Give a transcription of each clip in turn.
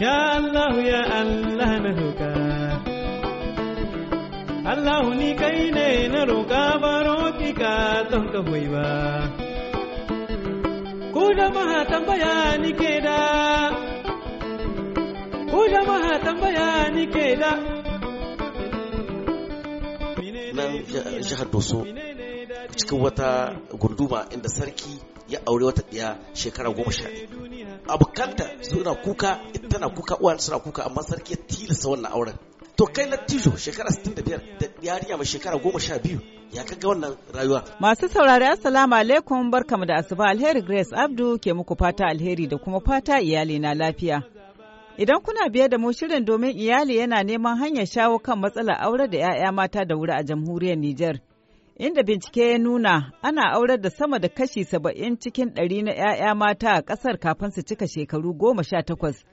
Ya Allah ya Allah na roƙa Allah ni kai ne na roƙa baro ki ka don ka hoyi ba Ku jama'a tambaya ni ke da Ku jama'a tambaya ni ke da Nan jihar Doso cikin wata gunduma inda sarki ya aure wata ɗiya shekara goma sha abokanta suna kuka tana kuka uwa suna kuka amma sarki ya tilasta wannan auren to kai na tijo shekara 65 da yariya mai shekara 12 ya kaga wannan rayuwa masu saurari assalamu alaikum barkamu da asuba alheri grace abdu ke muku fata alheri da kuma fata iyali na lafiya Idan kuna biye da mu shirin domin iyali yana neman hanyar shawo kan matsalar aure da 'ya'ya mata da wuri a jamhuriyar Nijar. inda bincike ya nuna ana aurar da sama da kashi saba'in cikin ɗari na 'ya'ya mata a ƙasar kafin su cika shekaru goma sha takwas.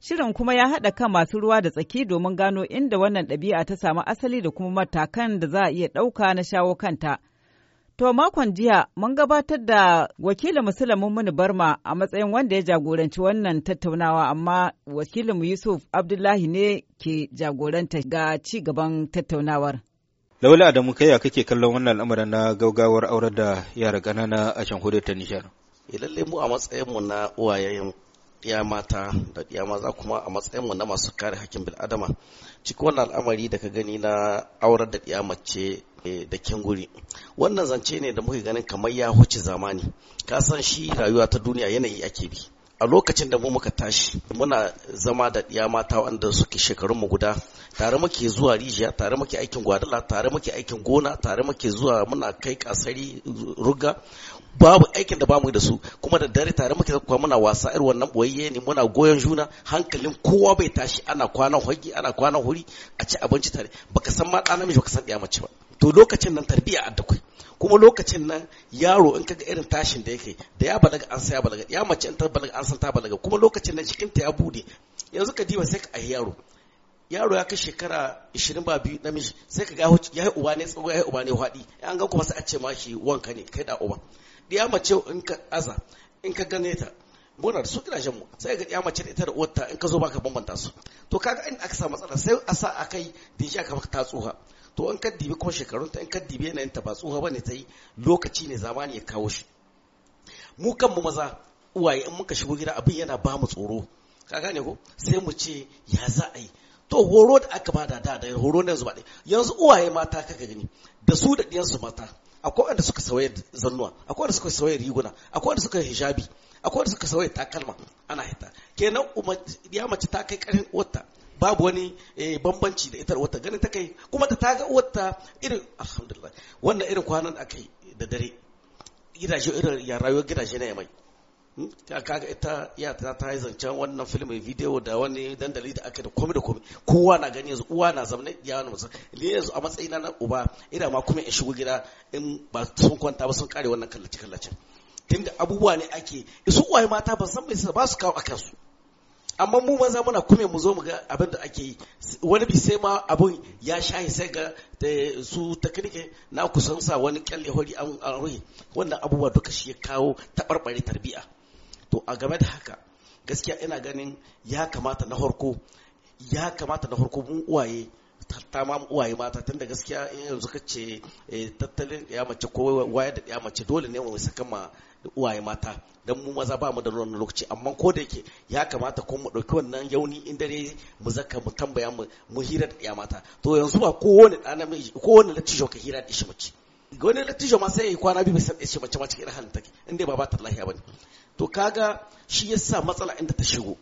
Shirin kuma ya haɗa kan masu ruwa da tsaki domin gano inda wannan ɗabi'a ta samu asali da kuma matakan da za a iya ɗauka na shawo kanta. To makon jiya mun gabatar da wakilin musulmin Muni Barma a matsayin wanda ya jagoranci wannan tattaunawa amma wakilinmu Yusuf Abdullahi ne ke jagoranta ga ci gaban tattaunawar. Lawali Adamu kai ya kake kallon wannan al'amarin na gaugawar aurar da yara ƙanana a hudu ta Nijar. Eh, Lalle mu a matsayinmu na uwayen ya mata da ya maza kuma a matsayinmu na masu kare hakkin bil'adama cikin wannan al'amari da ka gani na aurar da ya mace eh, da guri wannan zance ne da muka ganin kamar ya huce zamani ka san shi rayuwa ta duniya yanayi ake bi a lokacin da mu muka tashi muna zama da ɗiya mata wanda suke shekarun mu guda tare muke zuwa rijiya tare muke aikin gwadala tare muke aikin gona tare muke zuwa muna kai kasari ruga babu aikin da bamu da su kuma da dare tare muke kuma muna wasa irin wannan boyayye ne muna goyon juna hankalin kowa bai tashi ana kwanan hoggi ana kwanan huri a ci abinci tare baka san ma ɗan namiji baka san ɗiya mace ba to lokacin nan tarbiya kai. kuma lokacin nan yaro in kaga irin tashin da yake da ya balaga an sa ya balaga ya mace in ta balaga an san ta balaga kuma lokacin nan cikin ta ya bude yanzu ka diba sai ka ai yaro yaro ya kai shekara 20 ba biyu namiji sai ka ga ya uba ne tsawo ya yi uba ne hwadi an ga kuma sai a ce ma shi wanka ne kai da uba ya mace in ka aza in ka gane ta bona su gidajen mu sai ga ya mace ita da uwarta in ka zo baka bambanta su to kaga in aka samu matsala sai a sa akai da shi ka ta tsuha to in ka dibi kuma shekarunta in ka dibi yin ba tsoha bane ta yi lokaci ne zamani ya kawo shi mu kanmu maza uwaye in muka shigo gida abin yana ba mu tsoro ka gane ko sai mu ce ya za a yi to horo da aka bada da da horo na yanzu ba yanzu uwaye mata kaka gani da su da ɗiyansu mata akwai wanda suka sauya zannuwa akwai wanda suka sauya riguna akwai wanda suka hijabi akwai wanda suka sauya takalma ana hita kenan ya mace ta kai karin 'wata. babu wani eh, bambanci da ita wata ganin ta kai kuma da ta ga wata irin alhamdulillah wannan irin kwanan aka yi da dare gidaje irin ya rayuwar gidaje na yamai ta hmm? kaga ita ya ta ta yi zancen wannan film mai video da wani dandali da aka da komi da komi kowa na gani yanzu uwa na zamanin ya wani mutum ne yanzu a matsayina na uba ina ma kuma in shigo gida in ba sun kwanta ba sun kare wannan kallace kallacen tunda abubuwa ne ake isu uwaye mata ban san mai ba su kawo a kansu amma mu maza muna kume mu zo mu ga abin da ake yi wani bi sai ma abin ya shahi sai ga su takrike na kusan sa wani kyalle hori an ruhi wannan abubuwa duka shi ya kawo taɓarɓare tarbiya to a game da haka gaskiya ina ganin ya kamata na farko ya kamata na farko mun uwaye ta ma uwaye mata tun da gaskiya in yanzu ka ce eh, tattalin ya mace ko waye da ya mace dole ne mu saka ma uwaye mata dan mu maza ba mu da wannan lokaci amma ko da yake ya kamata ko mu dauki wannan yauni in dare mu zaka mu tambaya mu mu hira da ya mata to yanzu ba kowane dan namiji kowane lattijo ka hira da shi mace wani lattijo ma sai ya kwana biyu bai san shi mace ma cikin halin take in dai ba ba ta lahiya bane to kaga shi yasa matsala inda ta shigo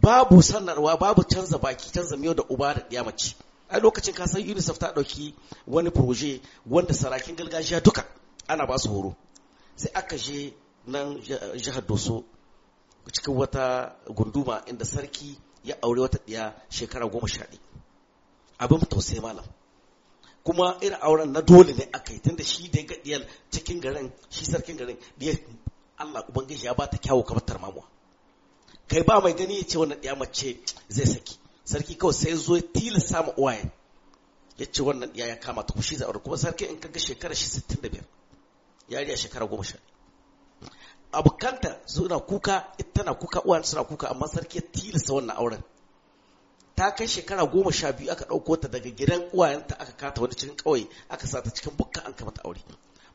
babu sanarwa babu canza baki canza miyo da uba da ya mace a lokacin kasan unicef ta ɗauki wani proje wanda sarakin gargajiya duka ana ba su horo sai aka je nan eh, jihar doso cikin wata gunduma inda sarki ya aure wata ɗiya shekara goma sha abin tausayi malam kuma irin auren na dole ne aka yi tunda shi da gaɗiyar cikin garin shi sarkin garin da Allah ubangiji ya ba ta kyawu kamar tarmamuwa kai ba mai gani ya ce wannan ɗiya mace zai saki sarki kawai sai zo ya tilasa ma uwaye ya ce wannan ya ya kama ta kushi za kuma sarki in kaga shekara shi 65 yariya shekara 10 abokanta suna kuka ita tana kuka uwa suna kuka amma sarki ya tilasa wannan auren ta kai shekara goma sha biyu aka ɗauko ta daga gidan uwayenta aka kata wani cikin ƙauye aka sa ta cikin bukka an kamata aure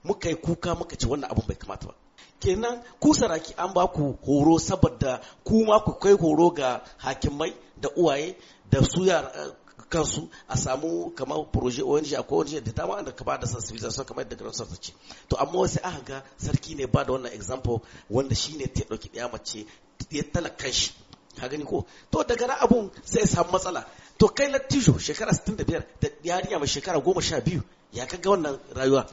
muka yi kuka muka ce wannan abun bai kamata ba kenan ku saraki an ba ku horo saboda ku ma ku kai horo ga hakimai da uwaye da su eh, kansu a samu kamar proje ONG akwai ONG da dama da kaba da sensibilization kamar da Grand Sort ce to amma wasu aka ga sarki ne ba da wannan example wanda shine ta dauki ɗaya mace ya talaka shi ka gani ko to daga na abun sai samu matsala to kai lattijo shekara 65 da yariya mai shekara 12 ya kaga wannan rayuwa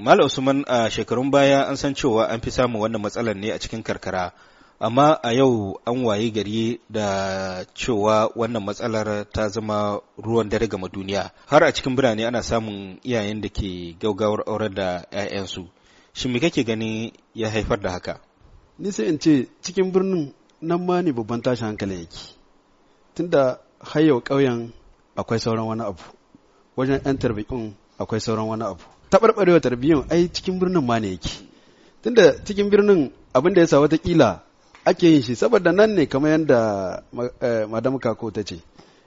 Mal Usman a shekarun baya an san cewa an fi samun wannan matsalar ne a cikin karkara, amma a yau an waye gari da cewa wannan matsalar ta zama ruwan dare gama duniya. Har a cikin birane ana samun iyayen da ke gaugawar aurar da 'ya'yansu. Shi me kake gani ya haifar da haka? Ni sai in ce cikin birnin nan ma ne babban tashin hankali yake. Tunda har yau ƙauyen akwai sauran wani abu, wajen 'yan tarbiyyun akwai sauran wani abu. taɓarɓarewa tarbiyyar ai cikin birnin ma ne yake tunda cikin birnin abin da ya sa watakila ake yin shi saboda nan ne kamar yadda eh, madam kako ta ce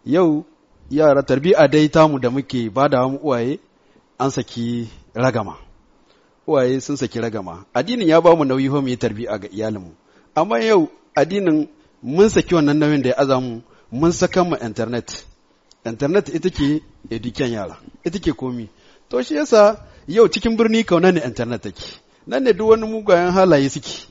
yau yara tarbiyya dai tamu da muke ba da mu uwaye an saki ragama uwaye sun saki ragama addinin ya ba mu nauyi ho mu yi tarbiya ga iyalinmu amma yau addinin mun saki wannan nauyin da ya aza mu mun saka mu internet internet ita ke eduken yara ita ke komi to shi yasa yau cikin birni kauna ne internet take nan ne duk wani mugayen halaye suke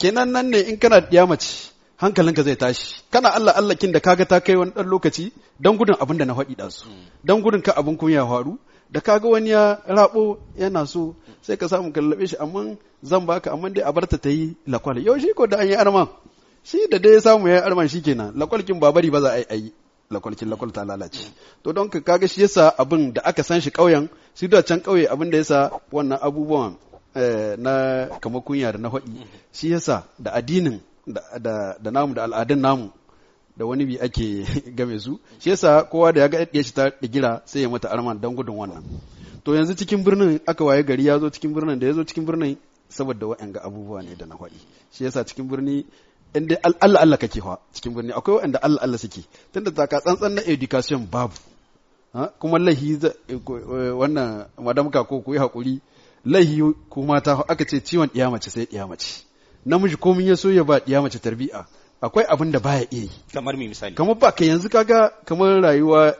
kenan nan ne in kana ɗiya mace hankalinka zai tashi kana Allah allakin kin da kaga ta kai wani dan lokaci dan gudun abin da na faɗi da su mm. dan gudun ka abin ya faru da kaga wani ya rabo yana so sai ka samu kallabe shi amma zan baka amma dai a barta ta yi lakwal yau shi ko da an yi arma shi da dai samu ya yi arman lakwal lakwalkin babari ba za a yi lakwalcin lakwal ta lalace to don ka kaga shi yasa abin da aka san shi ƙauyen su da can ƙauye abin da yasa wannan abubuwan eh, na kama kunya da na haɗi shi yasa da addinin da namu da al'adun namu da wani bi ake game su shi yasa kowa da ya ga ɗaya shi ta digira sai ya mata arman don gudun wannan to yanzu cikin birnin aka waye gari ya zo cikin birnin da ya zo cikin birnin saboda wa'yan ga abubuwa ne da na haɗi shi yasa cikin birni inda Allah Allah kake fa cikin birni akwai wanda Allah Allah suke tunda ka tsantsan na education babu kuma lahi eh, eh, wannan madam ka ko ku yi hakuri lahi ku mata aka ce ciwon ɗiya mace sai ɗiya mace namiji ko ya so ya ba ɗiya mace tarbiya akwai abin da baya iya yi kamar mi misali kamar ba ka yanzu kaga kamar rayuwa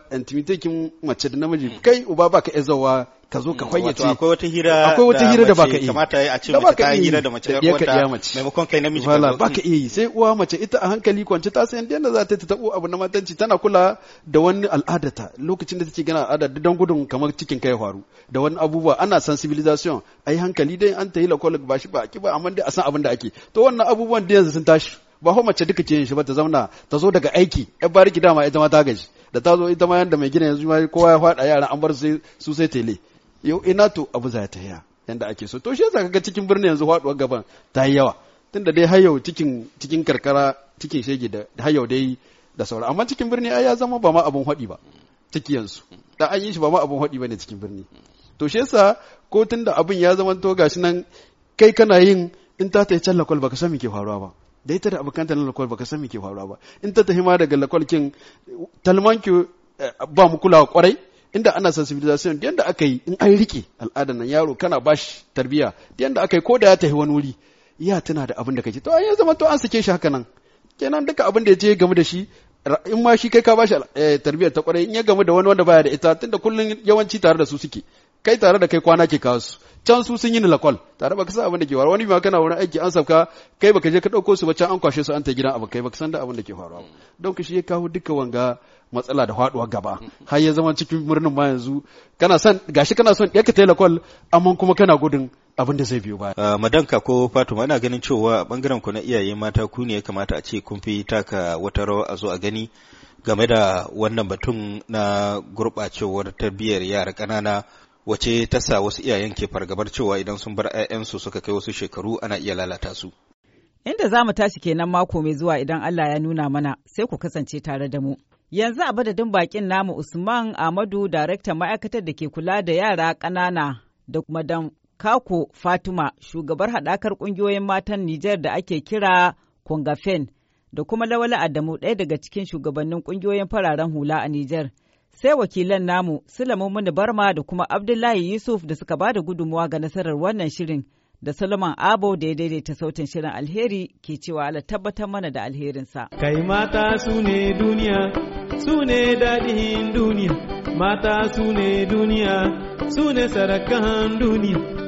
kin mace da namiji kai uba ba ka iya zawa ka zo ka kwayyace mm, akwai wata hira akwai wata hira da baka iya kamata a ce mace ta hira da mace ya ka mace maimakon kai namiji wala baka iya sai uwa mace ita a hankali kwance ta san yadda za ta tabo abu na matanci tana kula da wani al'adata lokacin da take gana al'ada dan gudun kamar cikin kai faru da wani abubuwa ana sensibilization ai hankali dai an ta yi lakwal ba shi ba ki ba amma dai a san abin da ake to wannan abubuwan da yanzu sun tashi ba ho mace duka ce shi ba ta zauna ta zo daga aiki ai bariki dama ita ma ta gaji da ta zo ita ma yanda mai gina yanzu kowa ya faɗa yaran an bar su sai tele yau ina to abu za ta yaya yadda ake so to shi yasa kaga cikin birni yanzu haɗuwa gaban ta yi yawa tunda dai har yau cikin cikin karkara cikin shege da har yau dai da sauran amma cikin birni ai ya zama ba ma abun haɗi ba ciki yanzu da an yi shi ba ma abun haɗi bane cikin birni to shi yasa ko tunda abun ya zama to gashi nan kai kana yin in ta ta yi can lakwal baka san me ke faruwa ba da ita da abokanta na lakwal baka san me ke faruwa ba in ta tafi ma daga lakwal kin talmanki eh, ba mu kulawa kwarai inda ana sensibilization da yanda aka yi in an rike al'adar nan yaro kana bashi tarbiya da yanda aka yi ko da ya tafi wani wuri ya tuna da abin da kake to ya zama to an sake shi haka nan kenan duka abin da ya je game da shi in ma shi kai ka bashi eh, tarbiyyar ta kwarai in ya game da wani wanda baya da ita tunda kullum yawanci tare da su suke kai tare da kai kwana ke kawo su can su sun yi ni lakol tare baka san abin da ke faruwa wani ma kana wurin aiki an sabka kai baka je ka dauko su ba can an kwashe su an ta gidan abin kai baka san da abin da ke faruwa don shi ya kawo duka wanga matsala da faduwa gaba har ya zama cikin murnin ma yanzu kana san gashi kana son yaka tai lakol amma kuma kana gudun abin da zai biyo ba. Uh, ah, madanka ko Fatima ina ganin cewa bangaren ku na iyaye mata ku ne ya kamata a ce kun fi taka wata rawa a zo a gani game da wannan batun na gurɓacewar tarbiyyar yara ƙanana wace ta sa wasu iyayen ke fargabar cewa idan sun bar 'ya'yansu suka kai wasu shekaru ana iya lalata su. Inda za mu tashi kenan mako mai zuwa idan Allah ya nuna mana sai ku kasance tare da mu. Yanzu a badadin bakin namu Usman Ahmadu daraktan ma'aikatar da ke kula da yara ƙanana da madam Kako fatima shugabar haɗakar ƙungiyoyin matan Nijar da ake kira Kongafen da kuma Lawala Adamu ɗaya daga cikin shugabannin ƙungiyoyin fararen hula a Nijar. sai wakilan namu Sulaiman Muni Barma da kuma Abdullahi Yusuf da suka ba da gudunmuwa ga nasarar wannan shirin da Solomon Abo da ya daidaita sautin shirin alheri ke cewa ala tabbatar mana da alherinsa. Kai mata su ne duniya, su ne daɗin duniya, mata su ne duniya, su ne sarakan duniya.